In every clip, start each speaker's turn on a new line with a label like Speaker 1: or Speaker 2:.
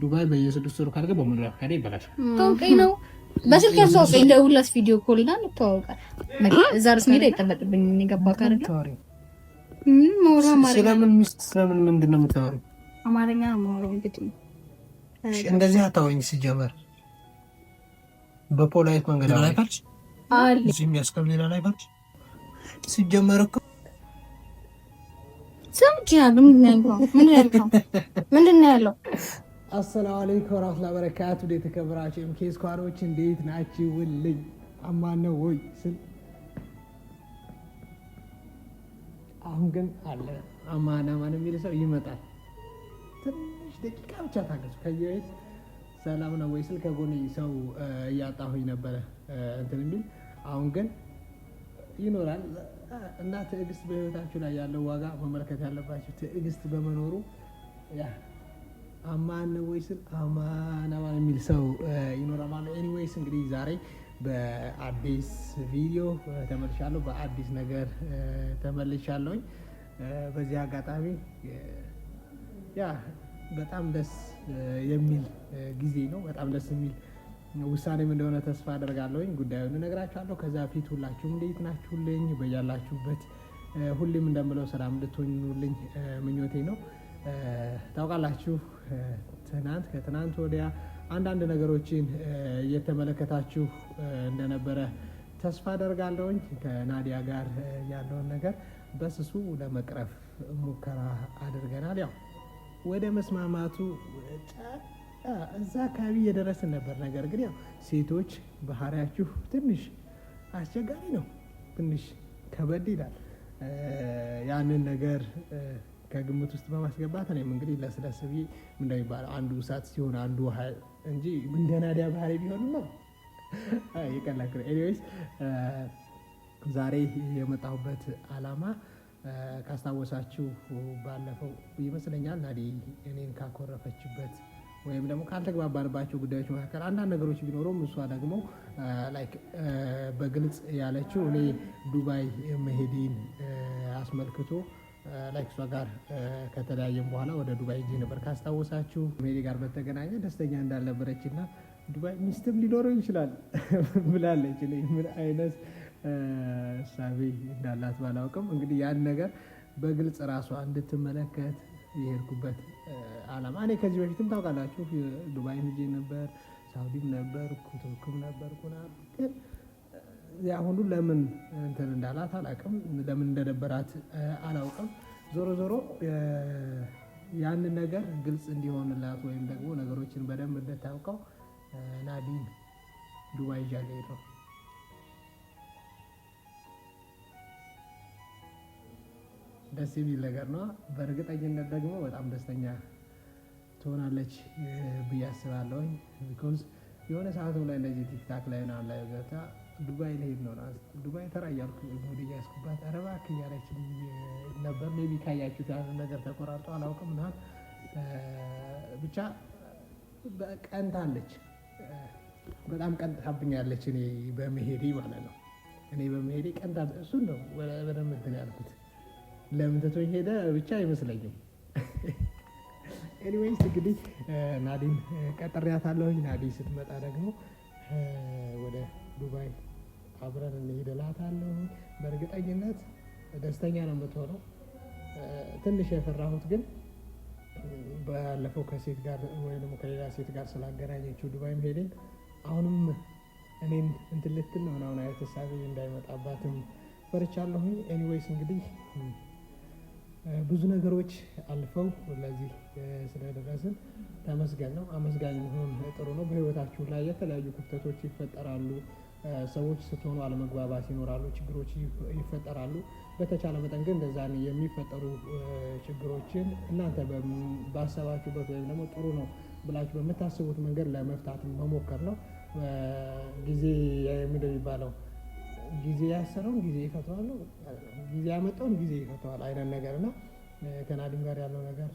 Speaker 1: ዱባይ በየስድስት ወር ካደረገ በመኖሪያ ፈቃድ ይባላል።
Speaker 2: ታውቀኝ ነው በስልክ ያስተዋውቀኝ ለሁላስ ቪዲዮ ኮል ና እንተዋወቃል። እዛ ርስ ሜዳ አይጠበቅብኝ። የገባ ካረ
Speaker 1: ስለምን ሚስት ስለምን ምንድን ነው የምታወሪው?
Speaker 2: አማርኛ ነው የማወራው። እንግዲህ
Speaker 1: እንደዚህ አታወኝ። ሲጀመር በፖላይት መንገድ ላይ ፈልች እዚህ የሚያስከብ ሌላ ላይ ፈልች ሲጀመር እኮ
Speaker 2: ሰምቼ ያሉ ምንድን ነው ያለው
Speaker 1: አሰላሙ አለይኩም ወራህመቱላሂ ወበረካቱ። እንዴት ተከብራችሁ ኤምኬ ስኳሮች እንዴት ናችሁልኝ? አማን ነው ወይ ስል አሁን ግን አለ አማን አማን የሚል ሰው ይመጣል። ትንሽ ደቂቃ ብቻ ታገሱ። ከየቤት ሰላም ነው ወይ ስል ከጎን ሰው እያጣሁኝ ነበረ እንትን የሚል አሁን ግን ይኖራል እና ትዕግስት በህይወታችሁ ላይ ያለው ዋጋ መመልከት ያለባችሁ ትዕግስት በመኖሩ አማን ወይ አማን አማን የሚል ሰው ይኖራል ማለት ነው። ኤኒዌይስ እንግዲህ ዛሬ በአዲስ ቪዲዮ ተመልሻለሁ፣ በአዲስ ነገር ተመልሻለሁኝ። በዚህ አጋጣሚ ያ በጣም ደስ የሚል ጊዜ ነው። በጣም ደስ የሚል ውሳኔም እንደሆነ ተስፋ አደርጋለሁኝ። ጉዳዩን እነግራችኋለሁ። ከዛ ፊት ሁላችሁም እንዴት ናችሁልኝ? በያላችሁበት ሁሌም እንደምለው ሰላም እንድትሆኑልኝ ምኞቴ ነው። ታውቃላችሁ ትናንት ከትናንት ወዲያ አንዳንድ ነገሮችን እየተመለከታችሁ እንደነበረ ተስፋ አደርጋለሁኝ። ከናዲያ ጋር ያለውን ነገር በስሱ ለመቅረፍ ሙከራ አድርገናል። ያው ወደ መስማማቱ እዛ አካባቢ እየደረስን ነበር። ነገር ግን ያው ሴቶች ባህሪያችሁ ትንሽ አስቸጋሪ ነው፣ ትንሽ ከበድ ይላል። ያንን ነገር ከግምት ውስጥ በማስገባት እኔም እንግዲህ ለስለስቢ ብዬ አንዱ እሳት ሲሆን አንዱ ውሃ እንጂ እንደናዲያ ባህሪ ቢሆንማ ይቀላቅል። ኤኒዌይስ ዛሬ የመጣሁበት አላማ ካስታወሳችሁ ባለፈው ይመስለኛል ናዲ እኔን ካኮረፈችበት ወይም ደግሞ ካልተግባባንባቸው ጉዳዮች መካከል አንዳንድ ነገሮች ቢኖሩም እሷ ደግሞ በግልጽ ያለችው እኔ ዱባይ መሄዴን አስመልክቶ ላይ ጋር ከተለያየም በኋላ ወደ ዱባይ ሄጄ ነበር ካስታወሳችሁ። ሜሪ ጋር በተገናኘ ደስተኛ እንዳልነበረች እና ዱባይ ሚስትም ሊኖረው ይችላል ብላለች። ምን አይነት እሳቤ እንዳላት ባላውቅም እንግዲህ ያን ነገር በግልጽ ራሷ እንድትመለከት የሄድኩበት አላማ እኔ ከዚህ በፊትም ታውቃላችሁ ዱባይ ሄጄ ነበር፣ ሳውዲም ነበር፣ ኩቱክም ነበር፣ ቁና አሁኑ ለምን እንትን እንዳላት አላውቅም፣ ለምን እንደነበራት አላውቅም። ዞሮ ዞሮ ያንን ነገር ግልጽ እንዲሆንላት ወይም ደግሞ ነገሮችን በደንብ እንደታውቀው ናዲን ዱባይ ይዣ ነው። ደስ የሚል ነገር ነው። በእርግጠኝነት ደግሞ በጣም ደስተኛ ትሆናለች ብዬ አስባለሁኝ። ቢኮዝ የሆነ ሰዓቱ ላይ እንደዚህ ቲክታክ ላይ ና ላይ ገብታ ዱባይ ልሄድ ነው። ዱባይ ተራ እያልኩ ሙድ እያያዝኩባት ኧረ እባክህ ነበር። ሜቢ ካያችሁት ያን ነገር ተቆራርጦ አላውቅም እና ብቻ ቀንታለች። በጣም ቀንታብኛለች፣ እኔ በመሄዴ ማለት ነው። እኔ በመሄዴ ቀንታ እሱን ነው በደምብ እንትን ያልኩት። ለምን ትቶኝ ሄደ ብቻ አይመስለኝም። ኤኒዌይስ እንግዲህ ናዲን ቀጥሬያታለሁኝ። ናዲ ስትመጣ ደግሞ ወደ ዱባይ አብረን እንሄድ እላታለሁ። በእርግጠኝነት ደስተኛ ነው የምትሆነው። ትንሽ የፈራሁት ግን ባለፈው ከሴት ጋር ወይም ከሌላ ሴት ጋር ስላገናኘችው ዱባይም ሄደን አሁንም እኔን እንትን ልትል ነው ምናምን አይነት ሀሳቤ እንዳይመጣባትም ፈርቻለሁኝ። ኤኒዌይስ እንግዲህ ብዙ ነገሮች አልፈው ለዚህ ስለደረስን ተመስገን ነው። አመስጋኝ መሆን ጥሩ ነው። በህይወታችሁ ላይ የተለያዩ ክፍተቶች ይፈጠራሉ። ሰዎች ስትሆኑ አለመግባባት ይኖራሉ፣ ችግሮች ይፈጠራሉ። በተቻለ መጠን ግን እንደዛን የሚፈጠሩ ችግሮችን እናንተ ባሰባችሁበት ወይም ደግሞ ጥሩ ነው ብላችሁ በምታስቡት መንገድ ለመፍታት መሞከር ነው። ጊዜ ምንድን የሚባለው ጊዜ ያሰረውን ጊዜ ይፈተዋል፣ ጊዜ ያመጣውን ጊዜ ይፈተዋል አይነት ነገር እና ከናዲም ጋር ያለው ነገር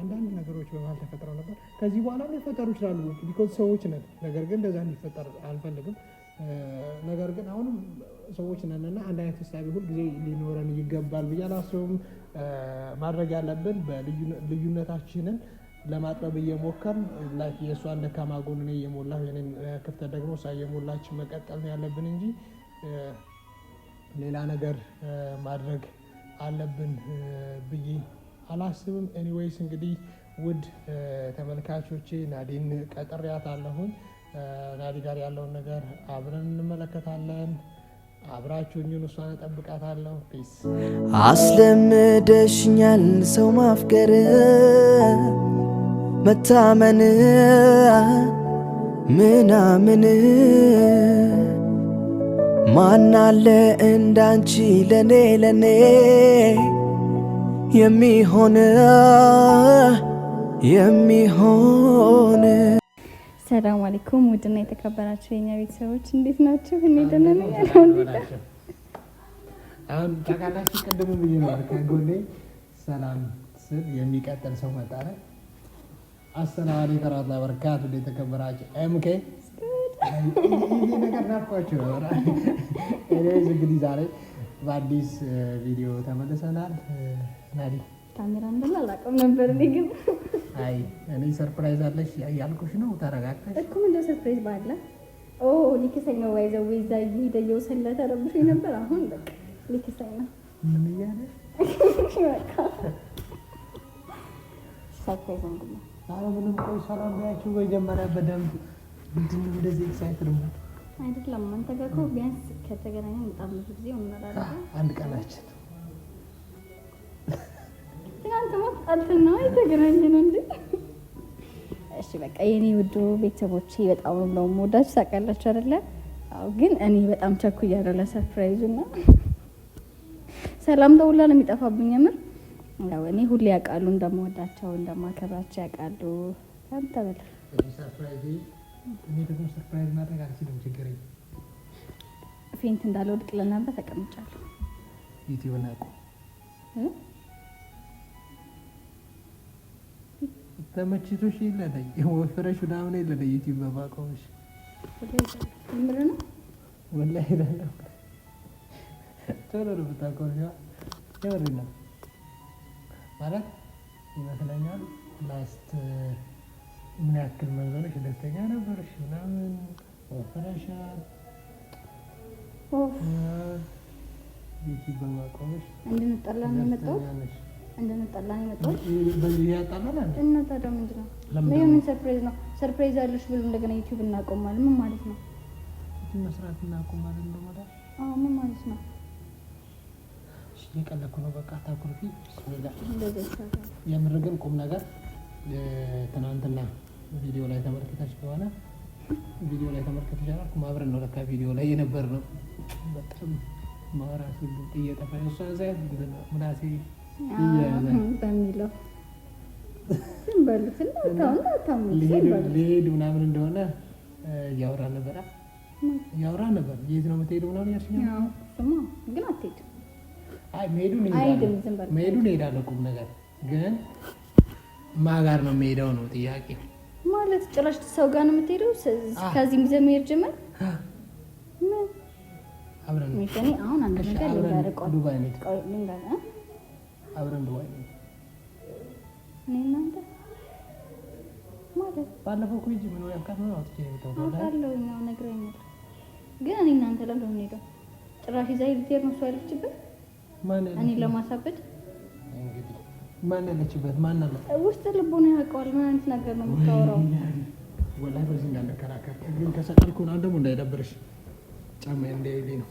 Speaker 1: አንዳንድ ነገሮች በመሀል ተፈጥረው ነበር። ከዚህ በኋላ ሊፈጠሩ ይችላሉ፣ ቢኮዝ ሰዎች ነን። ነገር ግን እንደዛ እንዲፈጠር አልፈልግም። ነገር ግን አሁንም ሰዎች ነንና አንድ አይነት እሳቤ ሁልጊዜ ሊኖረን ይገባል ብዬ አላስብም። ማድረግ ያለብን ልዩነታችንን ለማጥበብ እየሞከርን የእሷን ደካማ ጎን እኔ እየሞላሁ የእኔን ክፍተት ደግሞ እሷ እየሞላች መቀጠል ነው ያለብን እንጂ ሌላ ነገር ማድረግ አለብን ብዬ አላስብም። ኤኒዌይስ እንግዲህ ውድ ተመልካቾቼ ናዲን ቀጥሬያት አለሁኝ። ናቢ ጋር ያለውን ነገር አብረን እንመለከታለን። አብራችሁኝን እሷን እጠብቃታለሁ። ፒስ።
Speaker 3: አስለምደሽኛል ሰው ማፍቀር መታመን ምናምን ማናለ እንዳንቺ ለኔ ለኔ የሚሆን የሚሆን
Speaker 2: ሰላም አለይኩም ውድና የተከበራችሁ የኛ ቤተሰቦች እንዴት ናችሁ? እኔ ደህና ነኝ።
Speaker 1: አሁን ታውቃላችሁ፣ ቅድሙ ብዬ ነው ከጎኔ ሰላም ስል የሚቀጥል ሰው መጣ ነው። አሰላም አለይኩም ወራህመቱላሂ ወበረካቱ። እንዴት የተከበራችሁ ኤምኬ ይህ ነገር ናፍቋችሁ ነው። እንግዲህ ዛሬ በአዲስ ቪዲዮ ተመልሰናል ናዲ
Speaker 2: ካሜራ እንደላ አላውቅም ነበር እኔ ግን።
Speaker 1: አይ እኔ ሰርፕራይዝ አለሽ ያልኩሽ ነው። ተረጋግተሽ
Speaker 2: እኮ ምን ሰርፕራይዝ ባለ ኦ ሊከሰኝ ነው ወይ ዘው ይዛ ይደየው ተረብሽ ነበር። አሁን በቃ ሊከሰኝ ነው። ምን ያለ ሰርፕራይዝ ነው።
Speaker 1: አረ ምንም ቆይ ሰላም ቢያችሁ ወይ በደንብ ምንድን እንደዚህ ኤክሳይትድ ነው
Speaker 2: አይደለም። አንተ ጋር እኮ ቢያንስ ከተገናኘን በጣም ብዙ ጊዜ እንመራለን።
Speaker 1: አንድ ቀናችን
Speaker 2: ስሞት አንተን ነው የተገናኘነው እንጂ። እሺ በቃ የኔ ውድ ቤተሰቦቼ በጣም ነው የምወዳችሁ ታውቃላችሁ አይደለ? አዎ። ግን እኔ በጣም ቸኩያለሁ ለሰርፕራይዙ እና ሰላም ደውላ ነው የሚጠፋብኝ የምር። ያው እኔ ሁሌ ያውቃሉ እንደምወዳቸው እንደማከብራቸው ያውቃሉ። አንተ በል ፌንት እንዳልወድቅ ለእናንተ ተቀምጫለሁ።
Speaker 1: ተመችቶሽ ይለታኝ ወፍረሽ ምናምን የለ ዩቲዩብ በማቆምሽ ወላሂ ቶሎ ነው ብታቆምሽ የምር ነው ማለት ይመስለኛል። ላስት ምን ያክል መንዘሮች ደስተኛ ነበርሽ ምናምን ወፍረሻል ዩቲዩብ በማቆምሽ
Speaker 2: እንድንጠላ ነው የመጣሁት እንደመጣላ ነው እና ታዲያ ምንድን ነው? ምን ሰርፕራይዝ ነው? ሰርፕራይዝ አለሽ ብሎ እንደገና ዩቲዩብ እናቆማለን። ምን ማለት ነው?
Speaker 1: ዩቲዩብ መስራት እናቆማለን ምን ማለት ነው? የቀለኩ ነው። በቃ ታኩርፊ የምር ግን ቁም ነገር ትናንትና ቪዲዮ ላይ ተመልክተሽ ከሆነ ቪዲዮ ላይ ተመልክተሽ አላልኩም? አብረን ነው ለካ ቪዲዮ ላይ የነበር ነው። በጣም ማራሱ ጥየጠፋ ምናሴ
Speaker 2: በሚለው ዝም
Speaker 1: ምናምን እንደሆነ እያወራ ነበረ እያወራ ነበር። የት ነው የምትሄደው ምናምን ያልሽኝ መሄዱን እሄዳለሁ ቁም ነገር ግን ማን ነው የምሄደው ነው ጥያቄ
Speaker 2: ማለት ጭራሽ ሰው ጋር ነው የምትሄደው? ከዚህም ይዘህ መሄድ ጀመር። አሁን አንድ ነገር አብረን እንደዋይ እኔ እናንተ ማለት
Speaker 1: ባለፈው እኮ ሂጂ ምን ያልካት ነው አጥቼ
Speaker 2: ግን እኔ እናንተ ለምን ጭራሽ ይዛ ልትሄድ ነው እሷ ያለችበት እኔ ለማሳበድ
Speaker 1: እንግዲህ ማን ያለችበት ማን አለ
Speaker 2: ውስጥ ያውቀዋል ምን አይነት ነገር ነው የምታወራው
Speaker 1: ወላሂ በዚህ እንዳንከራከር ግን ከሰቀልኩ ነው ደግሞ እንዳይደብርሽ ጫማ ነው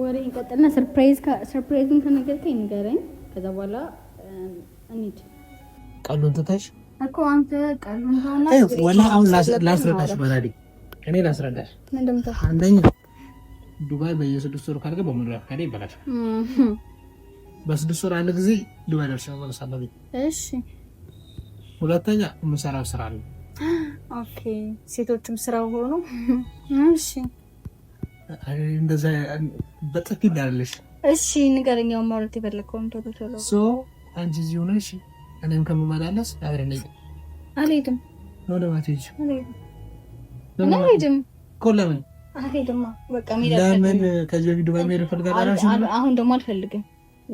Speaker 2: ወሬ ይቀጥልና ሰርፕራይዝ ሰርፕራይዝን ከነገርከኝ ንገረኝ። ከዛ በኋላ እንሂድ። ቀሉን ትተሽ እኮ አንተ ቀሉን ሆና
Speaker 1: ወላ አሁን ላስረዳሽ በራዲ እኔ ላስረዳሽ። አንደኛ ዱባይ በየስድስት ወር ካልገ በመኖሪያ ፈቃድ ይበላል። በስድስት ወር አንድ ጊዜ ዱባይ ደርሼ እመለሳለሁ። እሺ። ሁለተኛ የምሰራው ስራ አለ።
Speaker 2: ኦኬ። ሴቶችም ስራ ሆኖ እሺ
Speaker 1: እንደዛ በጥፊ እንዳለሽ።
Speaker 2: እሺ የፈለግከውን ቶሎ ቶሎ።
Speaker 1: ሶ አንቺ እዚህ እኔም ከምመላለስ አብረን
Speaker 2: አልሄድም። ነው አልሄድም
Speaker 1: እኮ ለምን ለምን ከዚህ በፊት ዱባይ መሄድ እፈልጋለሁ።
Speaker 2: አሁን ደግሞ አልፈልግም።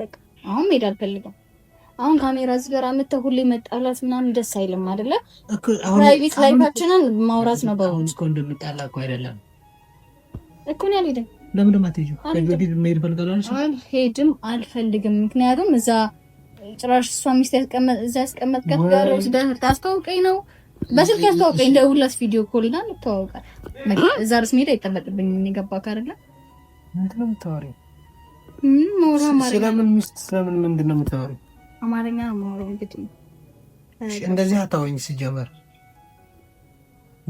Speaker 2: በቃ አሁን መሄድ አልፈልግም። አሁን ካሜራ እዚህ ጋር አምጥተህ ሁሌ መጣላት ምናምን ደስ አይልም አይደለ? ፕራይቬት ላይፋችንን ማውራት ነው። በአሁን እኮ አይደለም እኮ ነው ያልሄድም።
Speaker 1: ለምን ደም አትሄጂም? በፊት መሄድ እፈልጋለሁ
Speaker 2: አልሄድም አልፈልግም። ምክንያቱም እዛ ጭራሽ እሷ ሚስት እዛ ያስቀመጥከት ጋር ወስደህ ልታስተዋውቀኝ ነው። በስልክ ያስተዋውቀኝ እንደውላስ ቪዲዮ ኮል እና እንተዋወቃል። እዛ ርስ መሄድ አይጠበቅብኝ። እኔ ገባህ አይደለ?
Speaker 1: ስለምን ሚስት ስለምን ምንድን ነው የምታወሪው?
Speaker 2: አማርኛ ነው የማወራው። እንግዲህ
Speaker 1: እንደዚህ አታወኝ ሲጀመር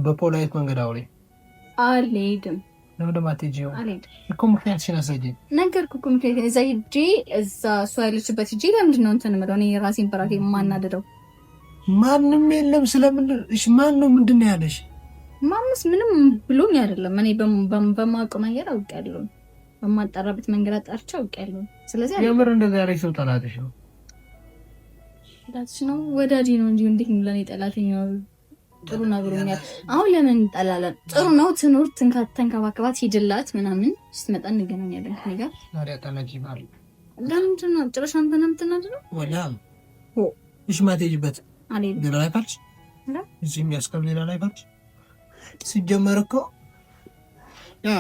Speaker 1: በፖላይት መንገድ አውሪ።
Speaker 2: አልሄድም
Speaker 1: ለምን ደግሞ አትሄጂው እኮ ምክንያትሽን አሳየኝ።
Speaker 2: ነገርኩ እኮ ምክንያት እዛ ሂጄ እዛ እሷ ያለችበት ሂጄ ለምንድን ነው እንትን የምለው እኔ ራሴን በራሴ የማናደደው?
Speaker 1: ማንም የለም ስለምንድን ማን ነው ምንድን ነው ያለሽ?
Speaker 2: ማምስ ምንም ብሎኝ አይደለም። እኔ በማውቀው መንገድ አውቄያለሁ፣ በማጣራበት መንገድ አጣርቼ አውቄያለሁ። ስለዚህ
Speaker 1: የምር እንደዛ ያለሽ ሰው ጠላትሽ ነው
Speaker 2: ጠላትሽ ነው ወዳጅ ነው እንጂ እንዴት ነው ለእኔ ጠላት ጥሩ ነግሮኛል። አሁን ለምን እንጠላለን? ጥሩ ነው ትኑር፣ ትንከባከባት፣ ሂድላት ምናምን። ስትመጣ እንገናኛለን ከእኔ ጋር ለምንድን ነው ጭራሽ አንተ ነው የምትናድነው?
Speaker 1: እሺ ማትሄጂበት ሌላ ላይ ፓርች እዚህ የሚያስቀር ሌላ ላይ ፓርች ሲጀመር እኮ ያ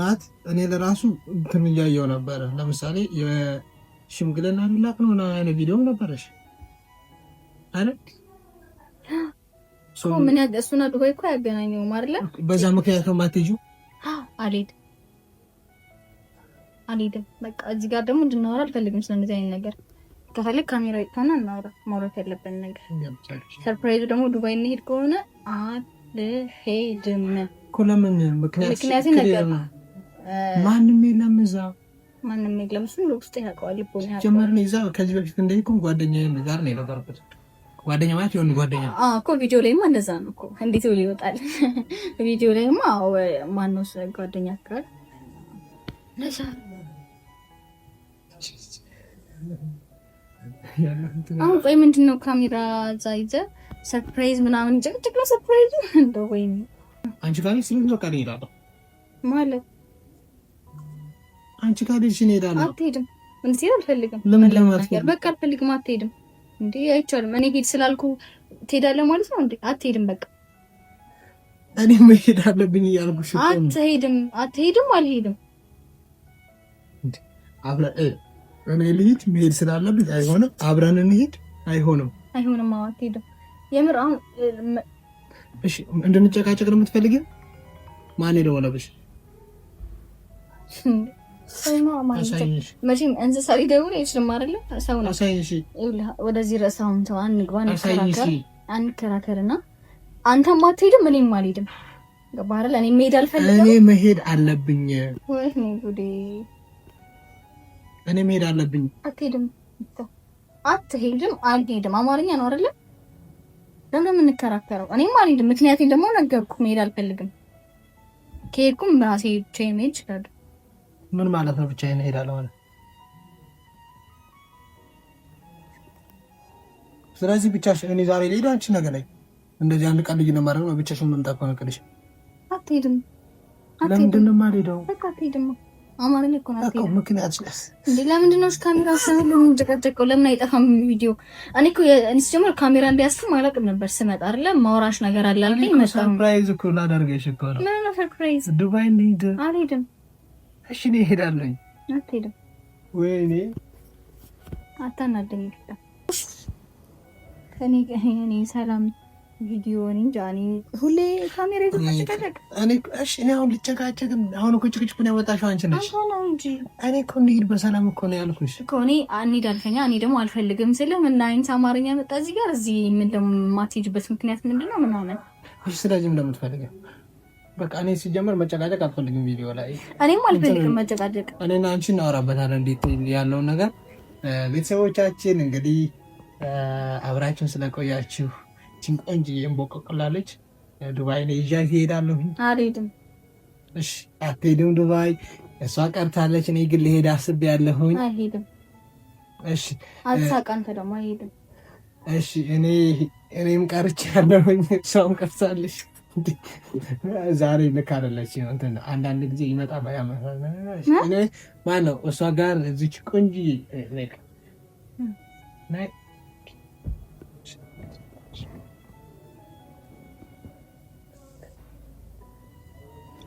Speaker 1: ማት እኔ ለራሱ እንትን እያየው ነበረ። ለምሳሌ የሽምግልና ላክ ነው አይነት ቪዲዮ ነበረሽ አይደል
Speaker 2: ምን ያገ እሱና ዱባይ እኮ አያገናኘውም አይደለ?
Speaker 1: በዛ ምክንያት ነው የማትሄጂው?
Speaker 2: አልሄድም አልሄድም። በቃ እዚህ ጋር ደግሞ እንድናወራ አልፈልግም ስለነዚህ አይነት ነገር። ከፈለግ ካሜራ ይጥፋና እናወራ ማውራት ያለብን ነገር። ሰርፕራይዙ ደግሞ ዱባይ እንሄድ ከሆነ አልሄድም
Speaker 1: ለምን ምክንያት ነገር ማንም የለም እዛ
Speaker 2: ማንም የለም። እሱን ውስጥ ያውቀዋል።
Speaker 1: ጀመር ከዚህ በፊት እንደዚህ እኮ ጋር ነው የነበርኩት ጓደኛ ማለት የሆኑ ጓደኛ
Speaker 2: እኮ ቪዲዮ ላይማ እንደዛ ነው እኮ። እንዴት ብሎ ይወጣል? ቪዲዮ ላይማ ማነው ጓደኛ አካል አሁን ቆይ ምንድን ነው ካሜራ እዛ ይዘህ ሰርፕራይዝ ምናምን ጭቅጭቅ ነው ሰርፕራይዙ። እንደው ወይኔ
Speaker 1: አንቺ ጋር ስንት በቃ እሄዳለሁ ማለት አንቺ ጋር ልጅ እሄዳለሁ።
Speaker 2: አትሄድም። እንትን አልፈልግም።
Speaker 1: ለምን ለማትሄድ
Speaker 2: በቃ አልፈልግም። አትሄድም እንዴ አይቻልም። እኔ ሄድ ስላልኩ ትሄዳለህ ማለት ነው እንዴ? አትሄድም። በቃ
Speaker 1: እኔ መሄድ አለብኝ እያልኩሽ።
Speaker 2: አትሄድም፣ አትሄድም፣ አልሄድም።
Speaker 1: እኔ ልሂድ፣ መሄድ ስላለብኝ አይሆንም። አብረን እንሂድ። አይሆንም፣
Speaker 2: አይሆንም። አዎ አትሄድም። የምር አሁን
Speaker 1: እሺ፣ እንድንጨቃጨቅ ነው የምትፈልጊው? ማን የደወለብሽ?
Speaker 2: መቼም እንስሳ ሊደውል አይችልም አይደለ? ሰው ነው። ወደዚህ ርዕስ አሁን ተው፣ አንግባ፣ አንከራከር እና አንተም አትሄድም እኔም አልሄድም። ገባህ አይደል? እኔ መሄድ አልፈልግም።
Speaker 1: እኔ መሄድ አለብኝ።
Speaker 2: ወይኔ ጉዴ!
Speaker 1: እኔ መሄድ አለብኝ።
Speaker 2: አትሄድም፣ አትሄድም፣ አልሄድም። አማርኛ ነው አይደለ? ለምን የምንከራከረው? እኔም አልሄድም። ምክንያቴን ደግሞ ነገርኩ፣ መሄድ አልፈልግም። ከሄድኩም ራሴ ብቻዬን መሄድ እችላለሁ።
Speaker 1: ምን ማለት ነው? ብቻዬን እሄዳለሁ ማለት ስለዚህ ብቻሽ እኔ ዛሬ ልሄድ አንቺ ነገ ላይ እንደዚህ አንድ ቀን ልጅ ነው ማድረግ ነው። ብቻሽን መምጣት ነው ቅልሽ አትሄድም። ለምንድን ነው የማልሄደው? አማርኛ እኮ ለምን አይጠፋም
Speaker 2: ቪዲዮ? እኔ እኮ ሲጀመር ካሜራ እንዲያስም አላውቅም ነበር። ስመጣ አለ ማውራሽ ነገር አለ አልከኝ። መጣ
Speaker 1: ሰርፕራይዝ እኮ ላደርገሽ እኮ ነው።
Speaker 2: ምን ነው ሰርፕራይዝ?
Speaker 1: ዱባይ እንሂድ። አልሄድም እሺ እኔ እሄዳለሁኝ። አትሄድም? ወይኔ
Speaker 2: አታናደኝ። እኔ ሰላም ቪዲዮ እኔ እንጃ። ሁሌ ካሜራ ይዘው
Speaker 1: እሺ እኔ አሁን ልጨቃጨቅም? አሁን እኮ ጭቅጭቁን ያወጣሽው አንቺ ነሽ። እኔ እኮ እንሂድ በሰላም እኮ ነው ያልኩሽ እኮ።
Speaker 2: እኔ እንሂድ አልከኛ፣ እኔ ደግሞ አልፈልግም ስልህ ምን አይነት አማርኛ መጣ እዚህ ጋር። እዚህ ምን ደግሞ የማትሄጂበት ምክንያት ምንድን ነው? ምን
Speaker 1: ስላጅም ለምትፈልገው በቃ እኔ ሲጀምር መጨቃጨቅ አልፈልግም ቪዲዮ ላይ
Speaker 2: እኔም አልፈልግም መጨቃጨቅ።
Speaker 1: እኔና አንቺ እናወራበታለን እንዴት ያለውን ነገር። ቤተሰቦቻችን እንግዲህ አብራችሁን ስለቆያችሁ ችን ቆንጅዬ እንቦቀቁላለች። ዱባይ ላይ ይዣት እሄዳለሁ። አልሄድም። እሺ አትሄድም ዱባይ። እሷ ቀርታለች። እኔ ግን ልሄድ አስቤያለሁኝ። አልሄድም። እሺ
Speaker 2: አትሳቃን ደግሞ አልሄድም።
Speaker 1: እሺ እኔ እኔም ቀርቻለሁኝ፣ እሷም ቀርታለች። ዛሬ ልክ አይደለች። አንዳንድ ጊዜ ይመጣ ማነው እሷ ጋር እዚች ቆንጂ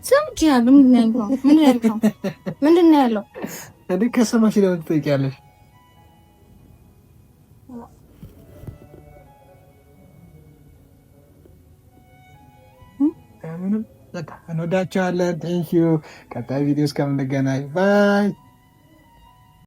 Speaker 2: ሰምቼ ያለው? ምንድን ነው ያለው?
Speaker 1: ከሰማሽ ለምን ትጠይቂያለሽ? ምንም በቃ እንወዳቸዋለን። ቴንኪዩ። ቀጣይ ቪዲዮ እስከምንገናኝ ባይ